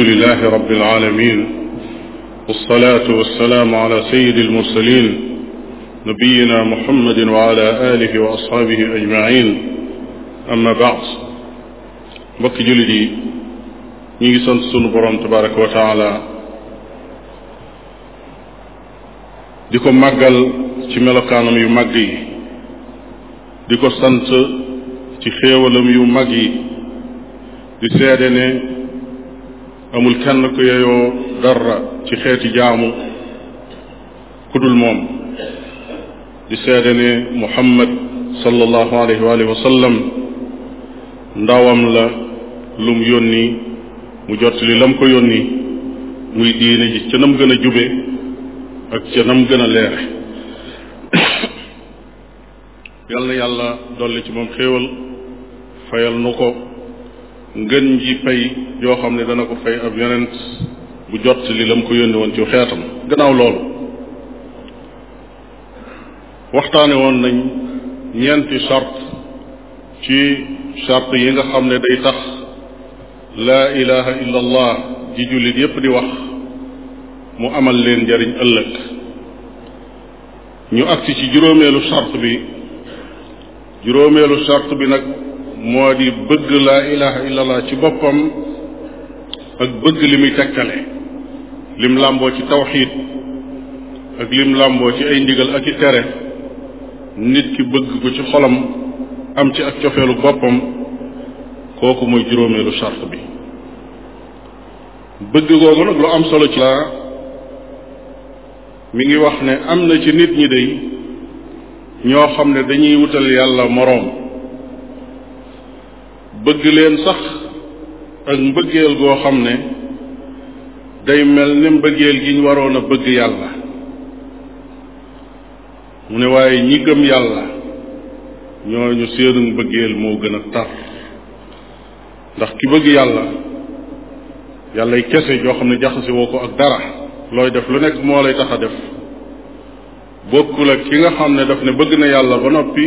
alhamdulilahi rabbil aalamiin wassalaatu wassalaamu ala sayyidil mursaliin nabiyina muhammadin wa ala alihi wa ashaabihi ajmain amma baad mbokki jullit yi ñu ngi sant sunu borom tabaraka wa taala di ko màggal ci melokaanam yu màgg yi di ko sant ci xéewalam yu mag yi di seede ne amul kenn ku yeyoo dara ci xeeti jaamu ku dul moom di seede ne muhammad sallallahu alayhi wa alihi ndawam la lum yónni mu jottali lam ko yónni muy diine ji ca nam gën a jube ak ca nam gën a leere yàlla yàlla dolli ci moom xéewal fayal nu ko ngën ji fay yoo xam ne dana ko fay ab bu jot li lam ko yónni woon ci xeetam gannaaw loolu waxtaane woon nañ ñeenti chart ci chart yi nga xam ne day tax laa ilaha illa allah ji jullit yépp di wax mu amal leen njariñ ëllëg ñu agsi ci juróomeelu chart bi juróomeelu chart bi nag moo di bëgg laa ilaha illallah ci boppam ak bëgg li muy tegtale lim làmboo ci tawxiid ak lim làmboo ci ay ndigal ak i tere nit ki bëgg ko ci xolam am ci ak cofeelu boppam kooku mooy juróomeelu charte bi bëgg googu nag lu am solo ci laa mi ngi wax ne am na ci nit ñi day ñoo xam ne dañuy wutal yàlla moroom bëgg leen sax ak mbëggeel goo xam ne day mel ni mbëggeel gi ñu waroon a bëgg yàlla mu ne waaye ñi gëm yàlla ñooñu seenu mbëggeel moo gën a tar ndax ki bëgg yàlla yàllay kese joo xam ne jaxasi ko ak dara looy def lu nekk moo lay tax a def bokkul ak ki nga xam ne daf ne bëgg na yàlla ba noppi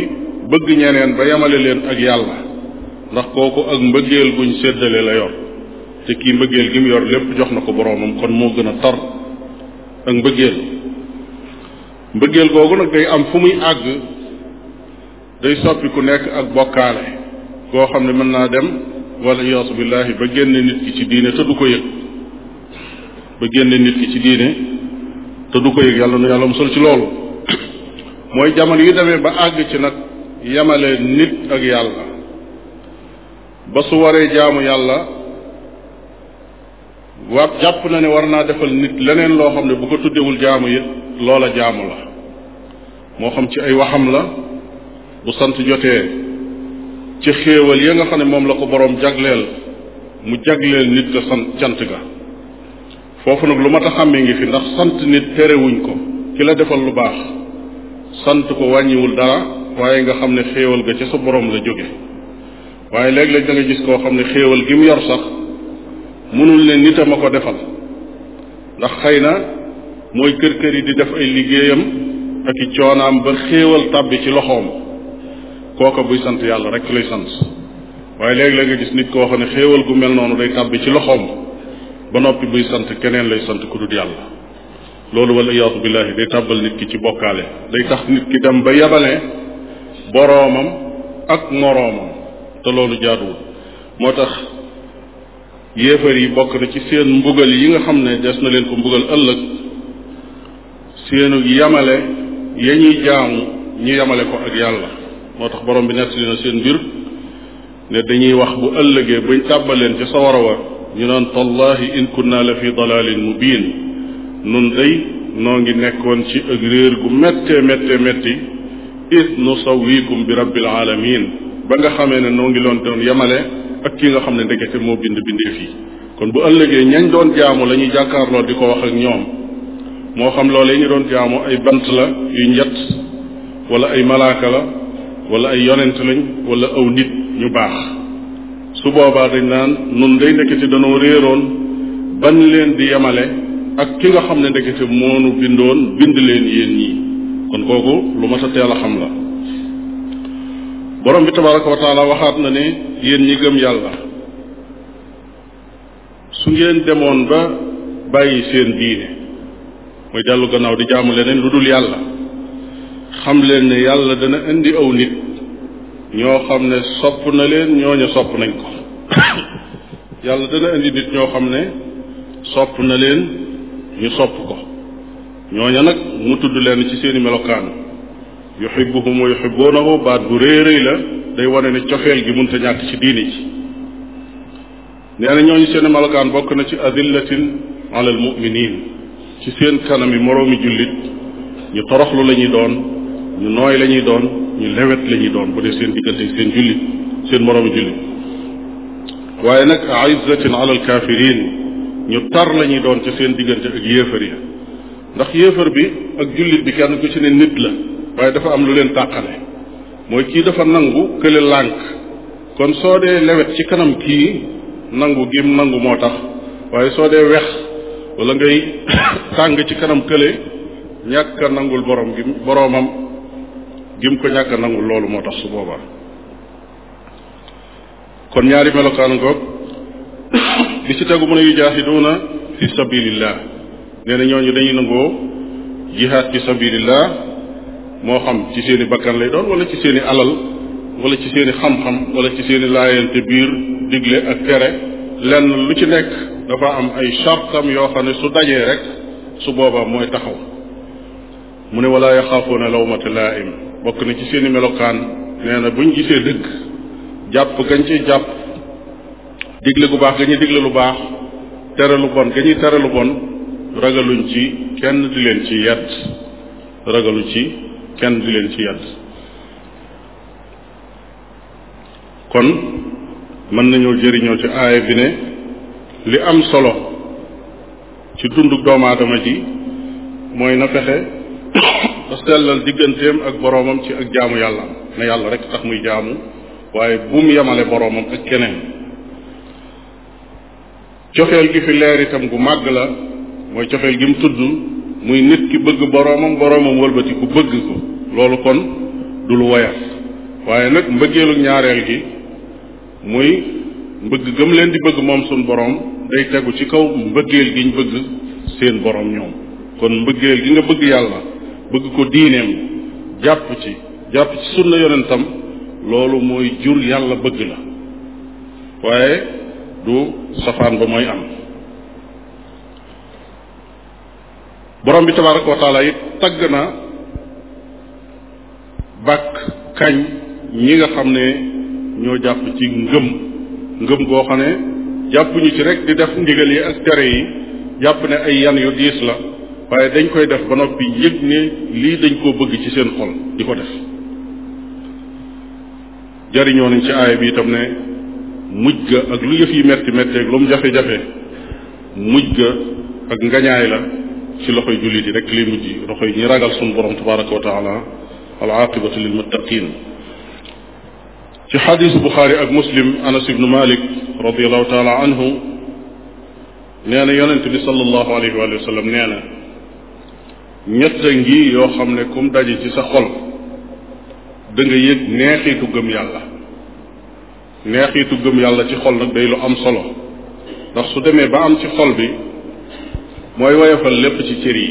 bëgg ñeneen ba yemale leen ak yàlla ndax kooku ak mbëggeel guñ séddale la yor te kii mbëggeel gi mu yor lépp jox na ko boroomam kon moo gën a tar ak mbëggeel mbëggeel googu nag day am fu muy àgg day soppi ku nekk ak bokkaale koo xam ne mën naa dem wala yaasu billahi ba génne nit ki ci diine te du ko yëg ba génne nit ki ci diine te du ko yëg yàlla nu yàlla musal ci loolu mooy jamono yi demee ba àgg ci nag yemale nit ak yàlla ba su waree jaamu yàlla wa jàpp na ne war naa defal nit leneen loo xam ne bu ko tuddewul jaamu it loola jaamu la moo xam ci ay waxam la bu sant jotee ci xéewal ya nga xam ne moom la ko boroom jagleel mu jagleel nit ka sant cant ga foofu nag lu ma tax xàmmee ngi fi ndax sant nit terewuñ ko ki la defal lu baax sant ko wàññiwul dara waaye nga xam ne xéewal ga ca sa boroom la jóge waaye léeg-léeg da nga gis koo xam ne xéewal gi mu yor sax mënul ne nitam a ko defal ndax xëy na mooy kër kër yi di def ay liggéeyam ak i coonaam ba xéewal tàbbi ci loxoom kooka buy sant yàlla rekk lay sant waaye léegi léeg nga gis nit koo xam ne xéewal gu mel noonu day tàbbi ci loxoom ba noppi buy sant keneen lay sant ku dul yàlla loolu wala iyaatu billahi day tàbbal nit ki ci bokkaale day tax nit ki dem ba yabale boroomam ak moroomam te loolu jaaduwul moo tax yéefar yi bokk na ci seen mbugal yi nga xam ne des na leen ko mbugal ëllëg seenu yamale ya ñuy jaamu ñu yamale ko ak yàlla moo tax borom bi nettali na seen mbir ne dañuy wax bu ëllëgee buñ tàbbaleen ca sawara wa ñu naan tallahi in kunna la fi dalalin mubin nun day noo ngi nekkoon ci ak réer gu méttee méttee métti it nu sawikum bi rabbil alamin ba nga xamee ne noo ngi loon doon yemale ak ki nga xam ne ndekete moo bind bindeef yi kon bu ëllëgee ñañ doon jaamu la ñuy jàkkaarloo di ko wax ak ñoom moo xam loolee ñu doon jaamu ay bant la yu njett wala ay malaaka la wala ay yonent lañ wala aw nit ñu baax su boobaa dañ naan nun day ndekete danoo réeroon ban leen di yemale ak ki nga xam ne ndekete moonu bindoon bind leen yéen ñii kon kooku lu mat a teel a xam la borom bi tabaraka wa taala waxaat na ne yéen ñi gëm yàlla su ngeen demoon ba bàyyi seen diine mooy dellu gannaaw di jaamu leneen lu dul yàlla xam leen ne yàlla dana indi aw nit ñoo xam ne sopp na leen ñooñu sopp nañ ko yàlla dana indi nit ñoo xam ne sopp na leen ñu sopp ko ña nag mu tudd leen ci seeni melokaan yuxibuhum wa yuxibuunahu baat bu rëy rëy la day wane ne cofeel gi munta ñàkk ci diini ci nee na ñooñu seen melokaan bokk na ci adillatin ala al muminin ci seen kanam yi moroomi jullit ñu toroxlu la ñuy doon ñu nooy la ñuy doon ñu lewet la ñuy doon bu dee seen diggante seen jullit seen moroomi jullit waaye nag aizzatin ala al kafirin ñu tar la ñuy doon ci seen diggante ak yéefar ya ndax yéefar bi ak jullit bi kenn ku ci ne nit la waaye dafa am lu leen tàqale mooy kii dafa nangu kële lànk kon soo dee lewet ci kanam kii nangu gim nangu moo tax waaye soo dee wex wala ngay tàng ci kanam kële ñàkk a nangul borom gim boromam gim ko ñàkk nangu loolu moo tax su boobaa kon ñaari melokaan ngoog bi ci tegu mën a yujaahiduuna fi sabilillah nee na ñooñu dañuy nangoo jihaad fi sabilillah moo xam ci seen i bakkan lay doon wala ci seen alal wala ci seen i xam-xam wala ci seen i laayante biir digle ak tere lenn lu ci nekk dafa am ay chartam yoo xam ne su dajee rek su boobaa mooy taxaw mu ne wala yaxaafuuna lawmata laaim bokk na ci seen melokaan nee na buñ gisee dëgg jàpp gañ ci jàpp digle gu baax ga ñuy digle lu baax tere lu bon ga ñuy tere lu bon ragaluñ ci kenn di leen ci yett ragalu ci kenn du leen ci yedd kon mën nañoo jëriñoo ci aaya bi ne li am solo ci dundu doomu ji mooy na fexe ba sellal digganteem ak boroomam ci ak jaamu yàlla na yàlla rek tax muy jaamu waaye bu mu yemale boroomam ak keneen cofeel gi fi leer itam gu màgg la mooy cofeel gi mu tudd muy nit ki bëgg boroomam boroomam wëlbati ku bëgg ko loolu kon du lu woyaf waaye nag mbëggeelu ñaareel gi muy mbëgg gëm leen di bëgg moom suñ boroom day tegu ci kaw mbëggeel gi ñu bëgg seen boroom ñoom kon mbëggeel gi nga bëgg yàlla bëgg ko diineem jàpp ci jàpp ci sunna yonentam loolu mooy jur yàlla bëgg la waaye du safaan ba mooy am borom bi tabaraka wa taala it tagg na bàkk kañ ñi nga xam ne ñoo jàpp ci ngëm ngëm goo xam ne jàppuñu ci rek di def ndigal yi ak tere yi jàpp ne ay yan yu diis la waaye dañ koy def ba noppi yëg ne lii dañ koo bëgg ci seen xol di ko def jariñoo nañ ci aaya bi itam ne mujj ga ak lu yëf yi metti metti lu mu jafe-jafe mujj ga ak ngañaay la ci loxoy jullit yi rek lay mujj loxoy ñi ragal sunu borom tabaraka wa taala al aqibatu lil muttaqin ci xadisu buxaari ak muslim anas ibnu malik radiallahu taala anhu nee na yonente bi salallahu alayhi wa sallam nee na ñett a ngi yoo xam ne kum daje ci sa xol da yi yëg neexitu gëm yàlla neexitu gëm yàlla ci xol nag day lu am solo ndax su demee ba am ci xol bi mooy woyofal lépp ci cër yi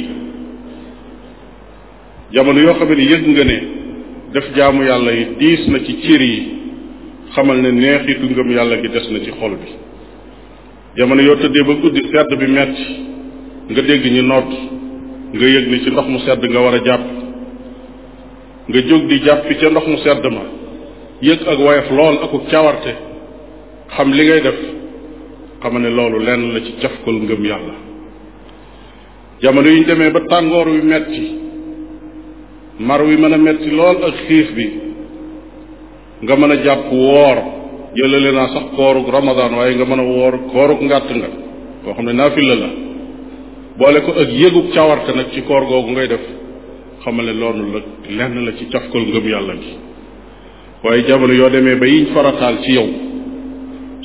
jamono yoo xam ne yëg nga ne def jaamu yàlla yi diis na ci cër yi xamal ne neexitu ngëm yàlla gi des na ci xol bi jamono yoo tëddee ba guddi sedd bi metti nga dégg ñi nodd nga yëg ni ci ndox mu sedd nga war a jàpp nga jóg di jàppi ca ndox mu sedd ma yëg ak woyof lool aku cawarte xam li ngay def xamal ne loolu lenn la ci cafkal ngëm yàlla jamono yi ñu demee ba tàngoor wi metti mar wi mën a metti lool ak xiif bi nga mën a jàpp woor jëlale naa sax koorug ramadan waaye nga mën a woor koorug ngàtt nga koo xam ne naafila la boole ko ak yëgub cawarte nag ci koor googu ngay def xamal ne la lenn la ci cafkal ngëm yàlla gi waaye jamono yoo demee ba yiñ farataal ci yow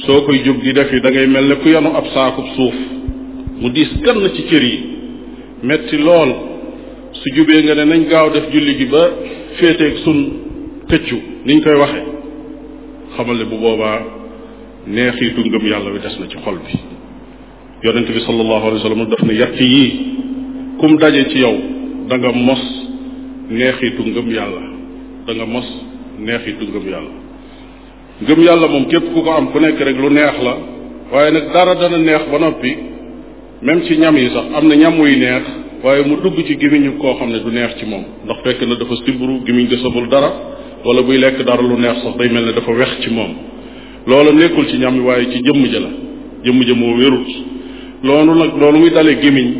soo koy jóg di def yi da ngay mel ne ku yanu ab saakub suuf mu diis a ci cër yi metti lool su jubee nga ne nañ gaaw def julli gi ba féeteeg sun këccu niñ koy waxe xamal ne bu boobaa neexiitu ngëm yàlla wi des na ci xol bi yonent bi sallallahu alayhi wa sallam daf ne yàtt yii kum daje ci yow da nga mos neexiitu ngëm yàlla da nga mos neexiitu ngëm yàlla ngëm yàlla moom képp ku ko am ku nekk rek lu neex la waaye nag dara dana neex ba noppi même ci ñam yi sax am na ñam muy neex waaye mu dugg ci gémmiñu koo xam ne du neex ci moom ndax fekk na dafa sibru gémmiñ gi sobul dara wala buy lekk dara lu neex sax day mel ne dafa wex ci moom loola nekkul ci ñam yi waaye ci jëmm ja la jëmm ja moo wérut loolu nag loolu muy dalee gémmiñ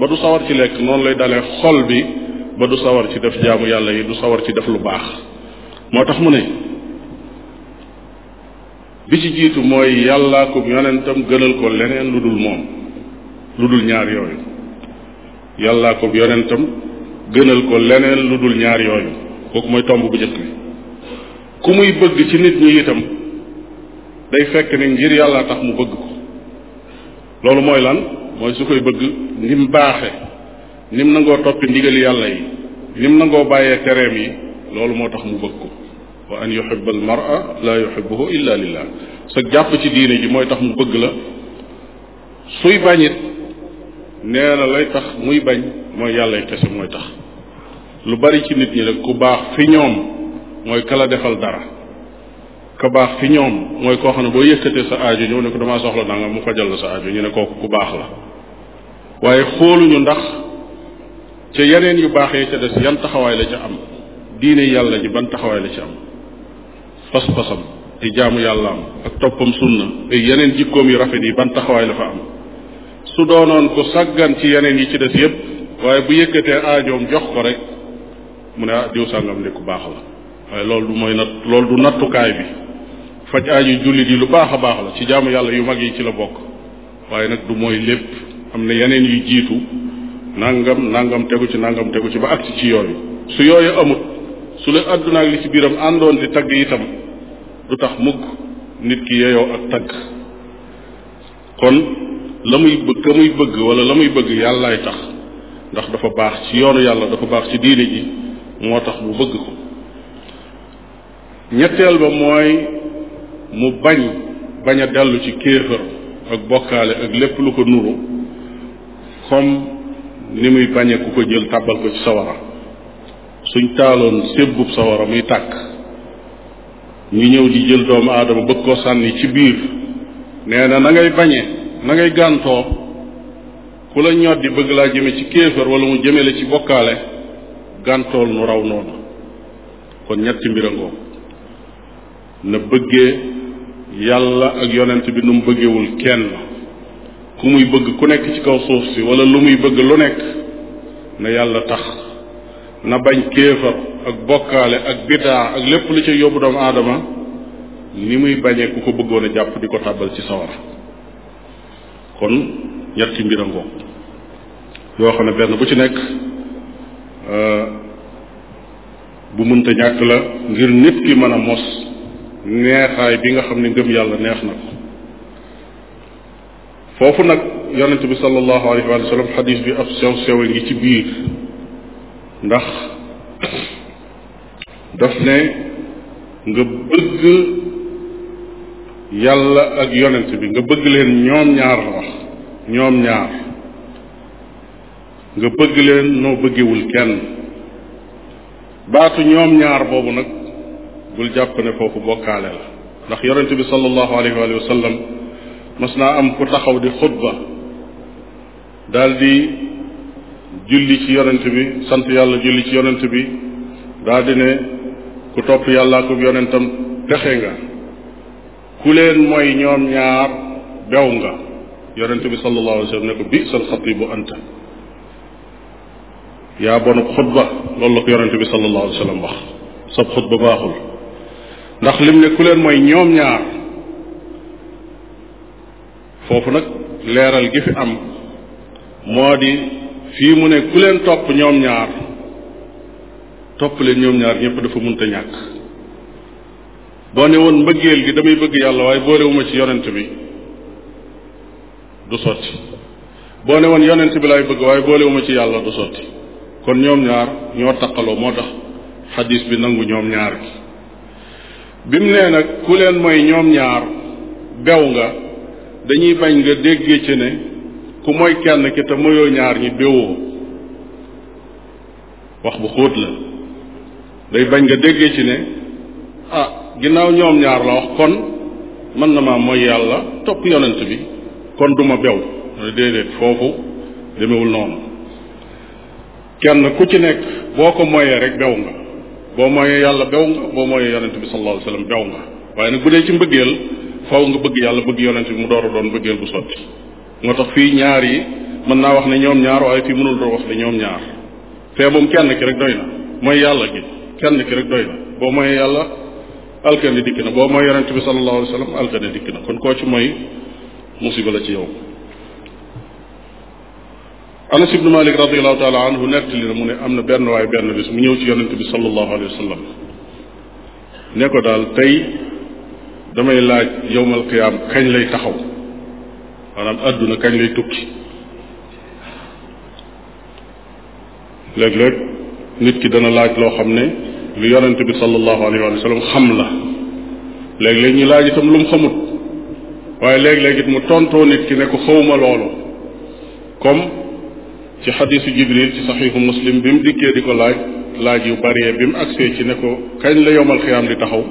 ba du sawar ci lekk noonu lay dalee xol bi ba du sawar ci def jaamu yàlla yi du sawar ci def lu baax moo tax mu ne bi ci jiitu mooy yàllaa ko yonentam gënal ko leneen lu dul moom lu dul ñaar yooyu yàllaa ko yonentam gënal ko leneen lu dul ñaar yooyu kooku mooy tomb bu njëkk bi ku muy bëgg ci nit ñi itam day fekk ne ngir yàlla tax mu bëgg ko loolu mooy lan mooy su koy bëgg ni mu baaxe ni nangoo toppi ndigali yàlla yi ni nangoo bàyyee tereem yi loolu moo tax mu bëgg ko wa an yuhibba al mar'a la yuhibbuhu illa lillah sa jàpp ci diine ji mooy tax mu bëgg la suy bañit nee na lay tax muy bañ mooy yàllay kese mooy tax lu bari ci nit ñi la ku baax fi ñoom mooy kala defal dara ka baax fi ñoom mooy koo xam ne boo yëkkatee sa aajo ñëw ne ko damaa soxla nangam mu fajal la sa aajo ñu ne kooku ku baax la waaye xooluñu ndax ca yeneen yu baaxee ca des yan taxawaay la ca am diine yàlla ji ban taxawaay la ci am pas-pasam ay jaamu yàlla am ak toppam sunna ay yeneen jikkoom yu rafet yi ban taxawaay la fa am su doonoon ko saggan ci yeneen yi ci des yépp waaye bu yëkkatee aajoom jox ko rek mu ne ah diw sàngam ku baax la waaye loolu du mooy nat loolu du nattukaay bi faj aajo jullit yi lu baax a baax la ci jaamu yàlla yu mag yi ci la bokk waaye nag du mooy lépp am na yeneen yu jiitu nangam nangam tegu ci nangam tegu ci ba agsi ci yooyu su yooyu amut su la àdduna li ci biiram àndoon di tagg itam du tax mugg nit ki yeeyoo ak tagg kon la muy bëgg ka muy bëgg wala la muy bëgg yàllaay tax ndax dafa baax ci yoonu yàlla dafa baax ci diine ji moo tax mu bëgg ko ñetteel ba mooy mu bañ bañ a dellu ci kéefër ak bokkaale ak lépp lu ko nuru comme ni muy bañe ku ko jël tàbbal ko ci sawara suñ taaloon sébbub sawara muy tàkk ñu ñëw di jël doomu aadama bëgg koo sànni ci biir nee na na bañe nangay ngay gàntoo ku la ñoddi bëgg laa jëme ci kéefër wala mu jëme la ci bokkaale gàntool nu raw noonu kon ñetti mbir a na bëggee yàlla ak yonent bi nu bëggewul kenn ku muy bëgg ku nekk ci kaw suuf si wala lu muy bëgg lu nekk na yàlla tax na bañ kéefar ak bokkaale ak bidaa ak lépp lu ca yóbbu doomu aadama ni muy bañee ku ko bëggoon jàpp di ko tàbbal ci sawara kon ñetti mbir a ngoog yoo xam ne benn bu ci nekk euh, bu mënta ñàkk la ngir nit ki mën a mos neexaay bi nga xam ne ngëm yàlla neex na ko foofu nag yonent bi sallallahu alayhi wa sallam xadis bi ab sew sew ngi ci biir ndax daf ne nga bëgg yàlla ak yonent bi nga bëgg leen ñoom ñaar la ñoom ñaar nga bëgg leen noo bëggewul kenn baatu ñoom ñaar boobu nag bul jàpp ne foofu bokkaale la ndax yonent bi sallallahu alayhi wa sallam mas naa am ku taxaw di xutba daldi julli ci yonent bi sant yàlla julli ci yonent bi daldi ne ku topp yàlla ak yonentam texe nga ku leen mooy ñoom ñaar bew nga yonent bi sallallahu alayhi ne ko bi sal xatibu anta yaa bonub xutba loolu la ko yonent bi sallallahu alayhi wa sallam wax sab xutba baaxul ndax lim ne ku leen mooy ñoom ñaar foofu nag leeral gi fi am moo di fii mu ne ku leen topp ñoom ñaar topp leen ñoom ñaar ñëpp dafa munta ñàkk boo ne woon mbëggeel gi damay bëgg yàlla waaye boolewuma ci yonent bi du sotti boo ne woon yonent bi laay bëgg waaye boolewuma ci yàlla du sotti kon ñoom ñaar ñoo taqaloo moo tax xadis bi nangu ñoom ñaar gi bi mu nee nag ku leen mooy ñoom ñaar bew nga dañuy bañ nga déggee ci ne ku mooy kenn ki te moyoo ñaar ñi bewoo wax bu xóot la day bañ nga déggee ci ne ah ginnaaw ñoom ñaar la wax kon mën na maa mooy yàlla topp yonent bi kon duma bew déedéet foofu demewul noonu kenn ku ci nekk boo ko moyee rek bew nga boo moyee yàlla bew nga boo moyee yonent bi sallallahu alayhi wasallam bew nga waaye nag bu dee ci mbëggeel faw nga bëgg yàlla bëgg yonent bi mu door a doon mbëggeel bu sotti moo tax fii ñaar yi mën naa wax ne ñoom ñaar waaye fii mënul doo wax ne ñoom ñaar fee moom kenn ki rek doy na mooy yàlla gi kenn ki rek doy na boo moyee yàlla alkande dikk na boo mooy yonente bi sallallahu alayhi wa sallam dikk na kon koo ci mooy musiba la ci yow anas ibnu malik radiallahu taala anhu nettali na mu ne am na benn waay benn bis mu ñëw ci yonente bi sallallahu alayhi wa sallam ne ko daal tey damay laaj yowmal qiyaam kañ lay taxaw maanaam àdduna kañ lay tukki léeg-léeg nit ki dana laaj loo xam ne lu yonente bi sallallahu alayhi wa sallam xam la léeg-léeg ñu laaj itam lu xamut waaye léeg-léeg mu tontoo nit ki ne ko xawma loolu comme ci xadisu jibril ci saxiixu muslim bi mu dikkee di ko laaj laaj yu bëree bi mu agsee ci ne ko kañ la yomal xiyaam di taxaw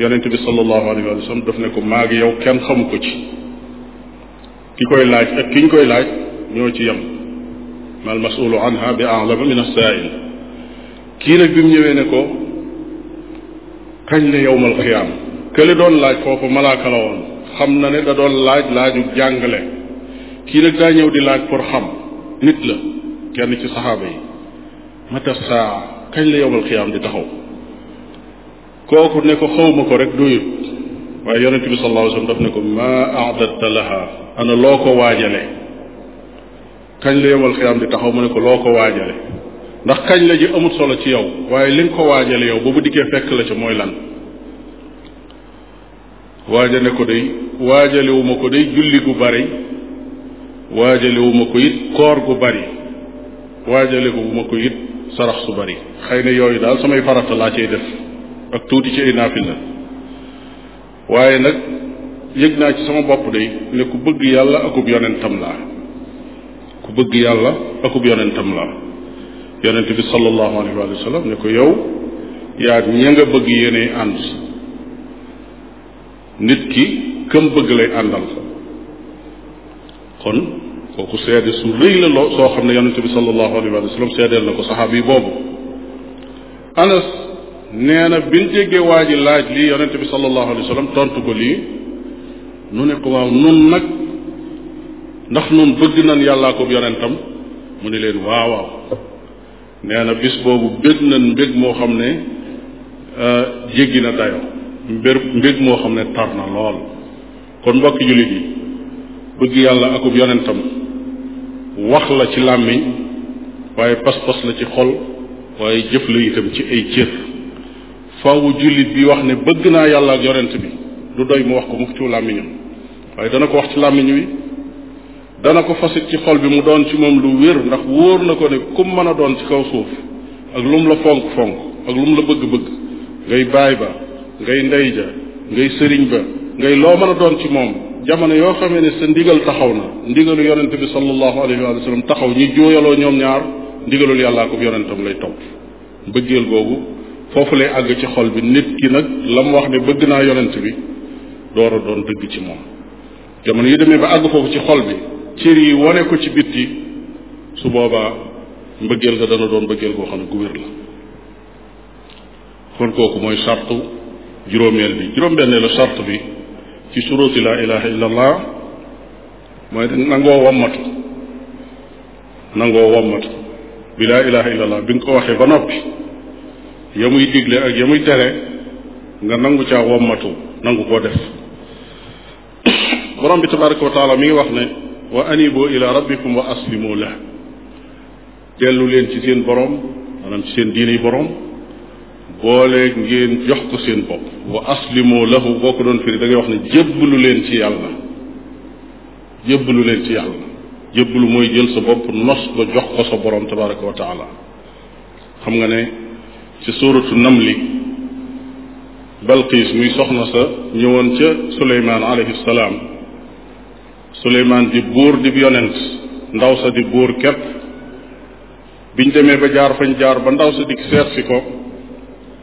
yonente bi sallallahu alayhi wa sallam daf ne ko maa ngi yow kenn xamu ko ci ki koy laaj ak ki ñu koy laaj ñoo ci yem mal masulu anha bi a'lama min as kii nag bi mu ñëwee ne ko kañ la yowmal xiyaam kële doon laaj foofu malaaka la woon xam na ne da doon laaj laaju jàngale kii nag daa ñëw di laaj pour xam nit la kenn ci saxaaba yi mata saa kañ la yowmal xiyaam di taxaw kooku ne ko xawma ko rek doyut waaye yonente bi sallallahu alayhi ne ko maa aadatta laha ana loo ko waajale kañ la yowmal xiyaam di taxaw mu ne ko loo ko waajale ndax kañ la ji amut solo ci yow waaye li nga ko waajale yow ba bu dikkee fekk la ca mooy lan waajale ko day waajalewuma ko day julli gu bari waajalewuma ko it koor gu bari waajale ko bu ma ko it sarax su bari xëy na yooyu daal samay farata laa cay def ak tuuti ci ay naafila waaye nag yëg naa ci sama bopp day ne ku bëgg yàlla akub yonentam laa ku bëgg yàlla akub yonentam laa yonente bi sallallahu alayhi wa sallam ne ko yow yaa ña nga bëgg yéenay ànd nit ki këm bëgg lay àndal kon kooku seede su rëy la loo soo xam ne yonente bi sallallahu alayhi wa sallam seedeel na ko saxaabi boobu anas nee na biñ déggee waa ji laaj lii yonente bi sallallahu alayhi wa tontu ko lii nu ne ko waaw nun nag ndax nun bëgg nan yàllaa ko yonentam mu ne leen waaw waaw nee na bis boobu bég na mbég moo xam ne euh, jéggi na dayo mbér mbég moo xam ne tar na lool kon mbokki jullit yi bëgg yàlla akub yonentam wax la ci làmmiñ waaye pas-pas la ci xol waaye jëf la itam ci ay cër faawu jullit bi wax ne bëgg naa yàlla ak yonent bi du doy mu wax ko mukk ci làmmiñam waaye dana ko wax ci làmmiñ wi dana ko fasit ci xol bi mu doon ci moom lu wér ndax wóor na ko ne kum mën a doon ci kaw suuf ak lum la fonk fonk ak lum la bëgg-bëgg ngay baay ba ngay ndeyja ngay sëriñ ba ngay loo mën a doon ci moom jamono yoo xamee ne sa ndigal taxaw na ndigalu yonent bi sallallahu alayhi wa sallam taxaw ñi jooyaloo ñoom ñaar ndigalul yàllaa ko yonentam lay topp bëggeel googu foofu lay àgg ci xol bi nit ki nag la mu wax ne bëgg naa yonent bi door a doon dëgg ci moom jamono yi demee ba àgg foofu ci xol bi cër yi wane ko ci bitti su boobaa mbëggeel ga dana doon mbëggeel goo xam ne gu wér la kon kooku mooy sartu juróomeel bi juróom-bennee la sart bi ci suruti la ilaha illallah mooy nangoo nangoo wammatu bi laa ilaha illallah bi ko waxee ba noppi ya muy digle ak ya muy tere nangu caa wammatu nangu koo def borom bi tabaraka wa taala mi ngi wax ne wa anibu ila rabbikum wa aslimu la dellu leen ci seen borom maanaam ci seen diini borom boole ngeen jox ko seen bopp wa aslimu lahu boo ko doon firi da wax ne jébbalu leen ci yàlla jébbalu leen ci yàlla mooy jël sa bopp nos ko jox ko sa borom tabaraka wa taala xam nga ne ci suuratu li balqiis muy soxna sa ñëwoon ca suleymaan alayhi salaam suleymaan di buur di yonent ndaw sa di buur képp biñ demee ba jaar fañ jaar ba ndaw sa dikk seet ko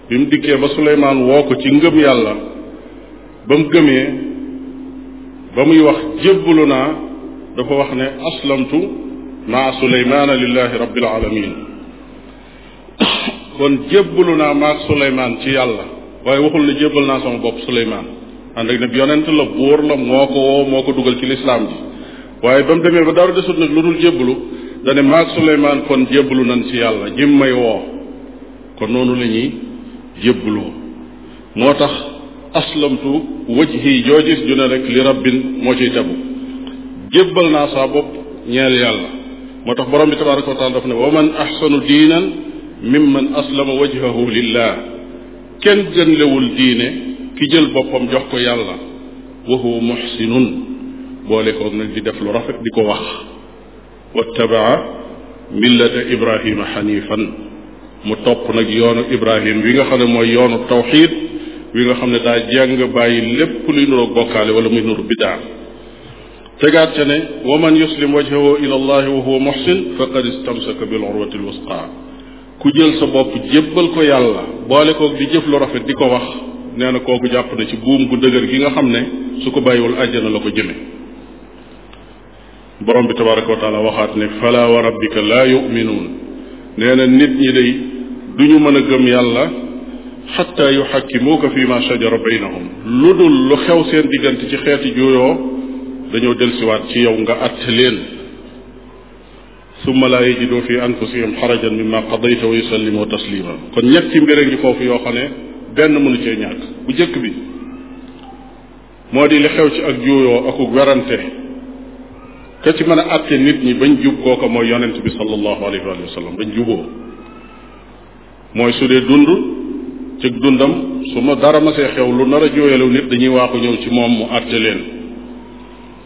bi mu dikkee ba suleymaan woo ko ci ngëm yàlla ba mu gëmee ba muy wax jébbalu naa dafa wax ne aslamtu maa suleymaana lillahi rabbil alamin kon jébbalu naa maag suleymaan ci yàlla waaye waxul ne jébbal naa sama bopp suleymaan ànd ak nag yonent la buur la moo ko woo moo ko dugal ci lislaam bi waaye ba mu demee ba dara desut nag lu dul jébbalu dane maag Suleymaan kon jébbalu nan ci yàlla jim may woo kon noonu la ñuy jébbaloo moo tax aslamtu wajhi joo gis ju ne rek li rabbin moo ciy tegu jébbal naa saa bopp ñeel yàlla moo tax boroom bi tabaraka wa taala ne wa man axsanu diinan mimman aslama wajhahu lillah kenn gënlewul diine ki jël boppam jox ko yàlla wa huwa muxsinun boole koog nag di def lu rafet di ko wax wattabaa millata ibrahima xanifan mu topp nag yoonu ibrahim wi nga xam ne mooy yoonu tawxid wi nga xam ne daa jàng bàyyi lépp luy nuroog bokkaale wala muy nuru bidaa tegaat ca ne wa man yuslim wajhahu ila allahi wa huwa muxsin jël sa bopp jébbal ko yàlla boole koog di jëf lu rafet di ko wax nee na kooku jàpp na ci buum gu dëgër gi nga xam ne su ko bàyyiwul àjjana la ko jëme borom bi tabaraka wa taala waxaat ne fala wa rabbika laa yuminuun nee na nit ñi day du ñu mën a gëm yàlla xatta yuxakkimuuka fi ma shajara baynahum lu dul lu xew seen diggante ci xeeti juuyoo dañoo delsiwaat ci yow nga att leen summa laa yajidoo fi anfusihim xarajan mimma qadayta wa yusallimu taslima kon ñetti mbir a ngi foofu yoo xam ne benn mënu cee ñàkk bu jëkk bi moo di li xew ci ak juuyoo akuk werante ka ci mën a àtte nit ñi bañ jub kooka mooy yonent bi sallallahu alayhi wa sallam mooy su dund ci dundam su ma dara masee xew lu nar a jooyalew nit dañuy waaxu ñëw ci moom mu àtte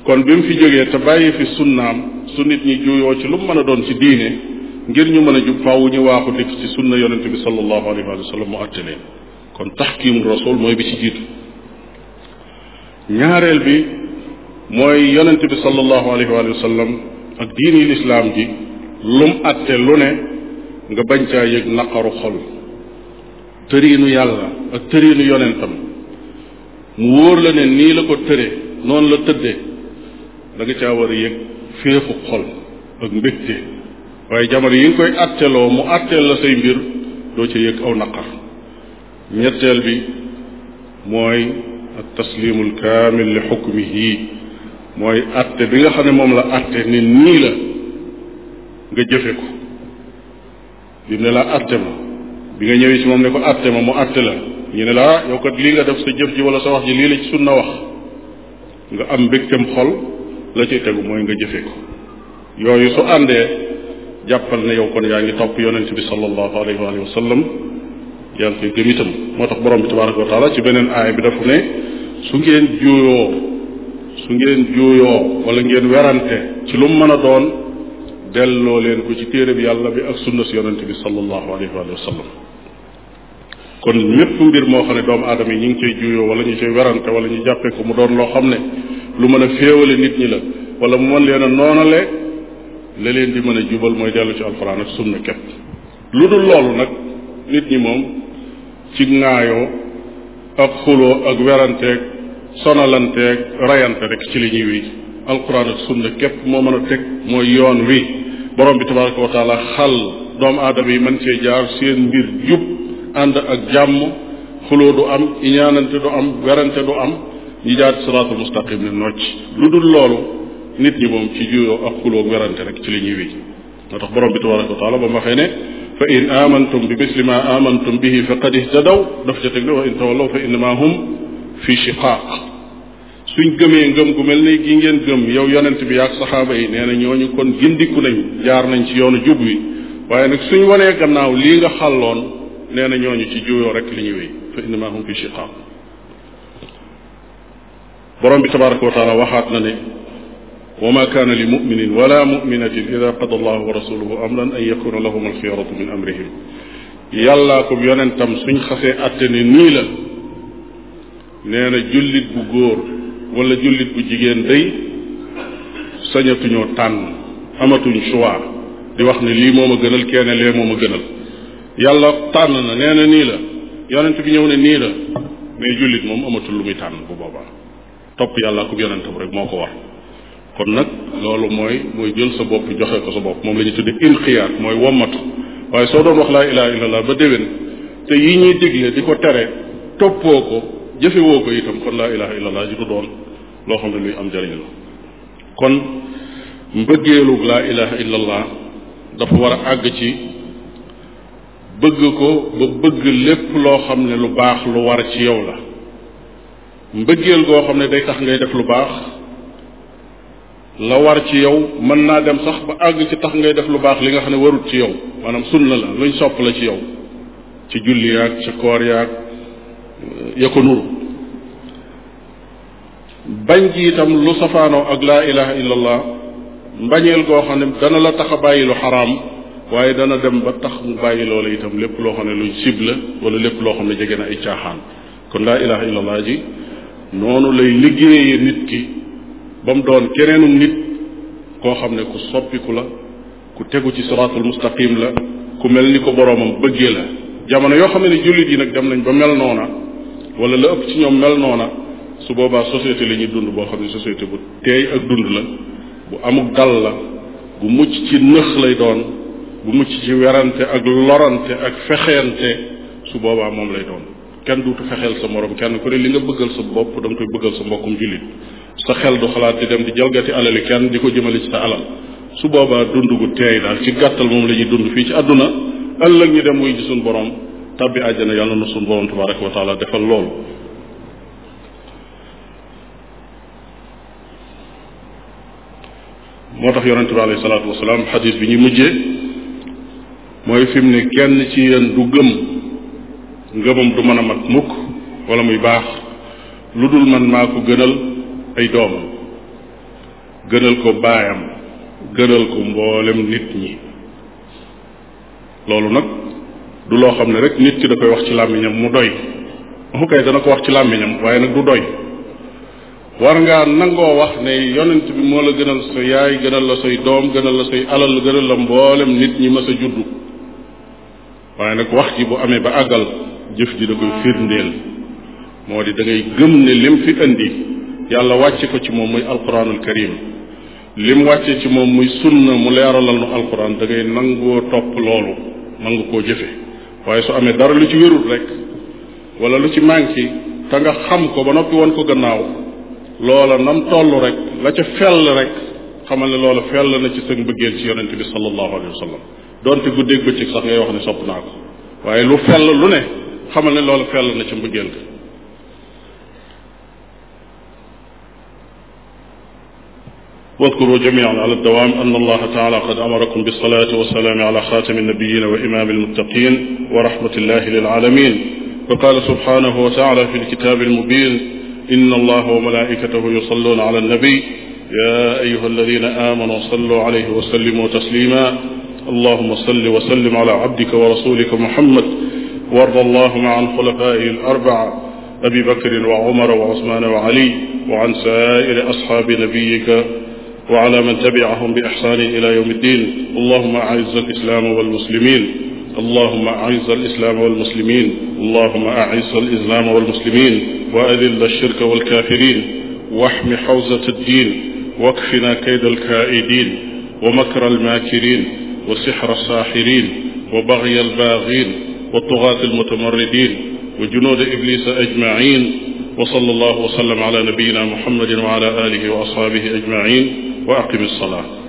kon bi mu jógee te bàyyi fi sunnaam su nit ñi juuyoo ci lu mën a doon ci diine ngir ñu mën a jub faaw ñu waaxu dikk ci sunna yonent bi mu àtte leen kon taxkiimu rasul mooy bi ci jiitu ñaareel bi mooy yonent bi sallallahu alayhi wa sallam ak diini lislaam ji lum atte lu ne nga bañ caa yëg naqaru xol tëriinu yàlla ak tëriinu yonentam mu wóor la ne nii la ko tëre noonu la tëdde da nga caa war a yëg féexu xol ak mbégte waaye jamono yi nga koy atteloo mu atteel la say mbir doo ca yëg aw naqar ñetteel bi mooy ak taslimul kaamil li xukmihi mooy atte bi nga xam ne moom la atte ni nii la nga jëfe ko bi ne laa atte ma bi nga ñëwee ci moom ne ko atte ma mu atte la ñu ne laa ah, yow kat lii nga def sa jëf ji wala sa wax ji lii la ci sunna wax nga am tam xol la ci tegu mooy nga jëfe ko yooyu su àndee jàppal ne yow kon yaa ngi topp yonent bi sallallahu alayhi wa sallam yaa ngi koy gëm itam moo tax borom bi tabaraka wa taala ci beneen aaya bi dafa ne su ngeen juuyoo su ngeen juuyoo wala ngeen werante ci lu mu mën a doon delloo leen ko ci téere bi yàlla bi ak sunna si yonente bi sallallahu alayhi wa sallam kon mépp mbir moo xam ne doomu aadama yi ñu ngi cay juuyoo wala ñu cay werante wala ñu jàppee ko mu doon loo xam ne lu mën a féewale nit ñi la wala mu mën leen a noonale leen di mën a jubal mooy dellu ci alxuraan sunna képp ci ŋaayoo ak xuloo ak weranteeg sonalanteeg rayante rek ci li ñuy wéy alquran ak sunna képp moo mën a teg mooy yoon wi borom bi tabaraka wa xal doomu aadama yi mën cee jaar seen mbir jub ànd ak jàmm xuloo du am iñaanante du am werante du am ñi jaar siraatul mustaqim ne nocc lu dul loolu nit ñi moom ci juyoo ak xuloo werante rek ci li ñuy moo tax borom bi tabaraka wa ba ma waxee ne fa in amantum bi misli ma amantum bihi faqad ihtadaw daf ca teg ne wa in tawallaw fa innama hum fi shiqaaq suñ gëmee ngëm gu mel ni gi ngeen gëm yow yonent bi yaag saxaaba yi nee na ñooñu kon gindiku nañ jaar nañ ci yoonu jub wi waaye nag suñ wanee gannaaw lii nga xàlloon nee na ñu ci juyoo rek li ñu wéy fa innama hum fi shiqaaq borom bi tabaraka wa waxaat na ne wa ma kaana li muminin wala muminatin ida qada allahu wa rasuluhu amran an yakuna lahum alxiyaratu min amrihim yàllaa ko yonentam suñ xasee atte ne nii la nee na jullit bu góor wala jullit bu jigéen day sañatuñoo tànn amatuñ choix di wax ne lii moo ma gënal kenn lee moo ma gënal yàlla tànn na nee na nii la yonent bi ñëw ne nii la mais jullit moom amatul lu muy tànn bu boobaa topp yàllaa ko yonentam rek moo ko war kon nag loolu mooy mooy jël sa bopp joxe ko sa bopp moom lañuy ñu tudde inqiyaat mooy wommatu waaye soo doon wax laa ilaha illallah ba déwén te yi ñuy digle di ko tere toppoo ko jëfewoo ko itam kon laa ilaha illallah ji du doon loo am jëriñ kon mbëggeelug laa ilaha illallah dafa war a àgg ci bëgg ko ba bëgg lépp loo xam ne lu baax lu war ci yow la mbëggeel goo xam ne day tax ngay def lu baax la war ci yow mën naa dem sax ba àgg ci tax ngay def lu baax li nga xam ne warut ci yow maanaam sunna la luñ sopp la ci yow ci julli ci koor yaag euh, ya ko nuru bañ gi itam lu safaanoo ak laa ilaha illallah mbañeel goo xam ne dana la tax a bàyyi lu xaraam waaye dana dem ba tax mu bàyyi loola itam lépp loo xam ne luñ sib la wala lépp loo xam ne jege na ay caaxaan kon laa ilaha illallah ji noonu lay liggéeyee nit ki ba mu doon keneenum nit koo xam ne ku soppiku la ku tegu ci siraatul mustaqim la ku mel ni ko boroomam bëggee la jamono yoo xam ne jullit yi nag dem nañ ba mel noona wala la ëpp ci ñoom mel noona su boobaa societé li ñuy dund boo xam ne société bu teey ak dund la bu amuk dal la bu mucc ci nëx lay doon bu mucc ci werante ak lorante ak fexeente su boobaa moom lay doon kenn duutu fexeel sa moroom kenn ku ne li nga bëggal sa bopp da nga koy bëggal sa mbokkum jullit sa xel du xalaat di dem di jalgati alali kenn di ko jëmale ci sa alal su boobaa dund gu teey daal ci gàttal moom la ñuy dund fii ci àdduna ëllëg ñu dem wuy ji suñ borom tabbi àjjana yàlla na suñ borom tabaraka wa taala defal loolu moo tax yonente bi alayhi salaatu bi ñuy mujjee mooy fi ne kenn ci yéen du gëm ngëmam du mën a mat mukk wala muy baax lu dul man maa ko gënal ay doomam gënal ko baayam gënal ko mboolem nit ñi loolu nag du loo xam ne rek nit ki da koy wax ci làmmiñam mu doy mu kay dana ko wax ci làmmiñam waaye nag du doy war ngaa nangoo wax ne yonent bi moo la gënal sa yaay gënal la say doom gënal la say alal gënal la mboolem nit ñi mas a juddu waaye nag wax ji bu amee ba àggal jëf ji da koy firndeel moo di da ngay gëm ne lim fi indi yàlla wàcce ko ci moom muy alquranul karim lim wàccee ci moom muy sunna mu leeralal nu alquran da ngay nangoo topp loolu nangu koo jëfe waaye su amee dara lu ci wérul rek wala lu ci manqué te nga xam ko ba noppi woon ko gannaaw loola nam toll rek la ca fell rek xamal ne loola fell na ci sëg mbëggeel ci yonente bi sallallahu alayhi wa sallam donte guddeeg bëccëg sax ngay wax ne sopp naa ko waaye lu fell lu ne xamal ne loola fell na ci mbëggeel ga واذكروا جميعا على الدوام أن الله تعالى قد أمركم بالصلاة والسلام على خاتم النبيين وإمام المتقين ورحمة الله للعالمين وقال سبحانه وتعالى في الكتاب المبين إن الله وملائكته يصلون على النبي يا أيها الذين آمنوا صلوا عليه وسلموا تسليما اللهم صل وسلم على عبدك ورسولك محمد وارض اللهم عن خلفائه الأربعة أبي بكر وعمر وعثمان وعلي وعن سائر أصحاب نبيك وعلى من تبعهم بإحسان إلى يوم الدين اللهم أعز الإسلام والمسلمين اللهم أعز الإسلام والمسلمين اللهم أعز الإسلام والمسلمين وأذل الشرك والكافرين واحم حوزة الدين واكفنا كيد الكائدين ومكر الماكرين وسحر الساحرين وبغي الباغين والطغاة المتمردين وجنود إبليس أجمعين وصلى الله وسلم على نبينا محمد وعلى آله وأصحابه أجمعين wa aqimi salaa